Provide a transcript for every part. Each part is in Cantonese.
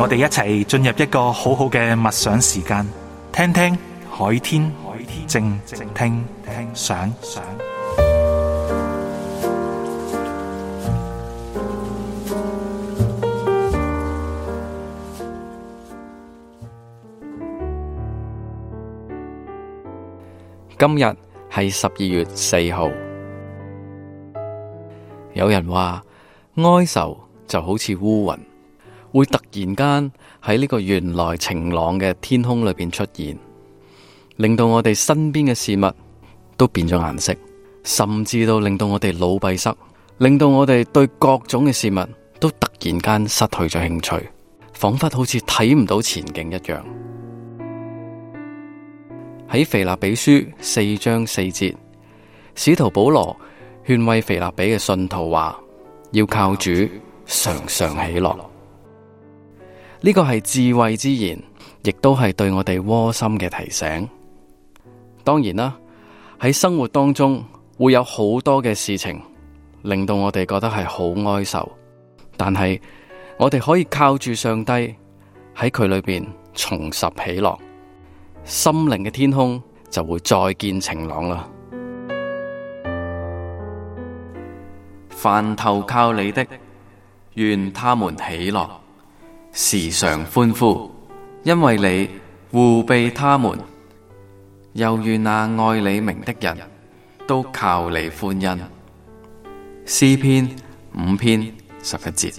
我哋一齊進入一個好好嘅默想時間，聽聽海天靜靜聽想。今日係十二月四號。有人話，哀愁就好似烏雲，會突然間喺呢個原來晴朗嘅天空裏邊出現，令到我哋身邊嘅事物都變咗顏色，甚至到令到我哋腦閉塞，令到我哋對各種嘅事物都突然間失去咗興趣，仿佛好似睇唔到前景一樣。喺《腓立比書》四章四節，使徒保羅勸慰腓立比嘅信徒話：，要靠主常常喜樂，常常喜樂。呢、這個係智慧之言，亦都係對我哋窩心嘅提醒。當然啦，喺生活當中會有好多嘅事情令到我哋覺得係好哀愁，但係我哋可以靠住上帝喺佢裏邊重拾喜樂，心靈嘅天空就會再見晴朗啦。凡投靠你的，願他們喜樂，時常歡呼，因為你護庇他們，又願那愛你名的人都靠你歡欣。詩篇五篇十一節。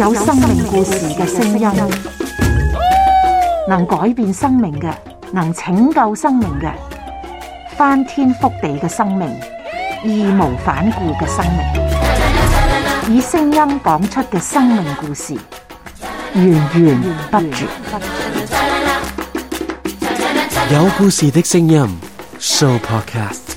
有生命故事嘅聲音，能改變生命嘅，能拯救生命嘅，翻天覆地嘅生命，義無反顧嘅生命，以聲音講出嘅生命故事，源源不絕。有故事的聲音，Sooo Podcast。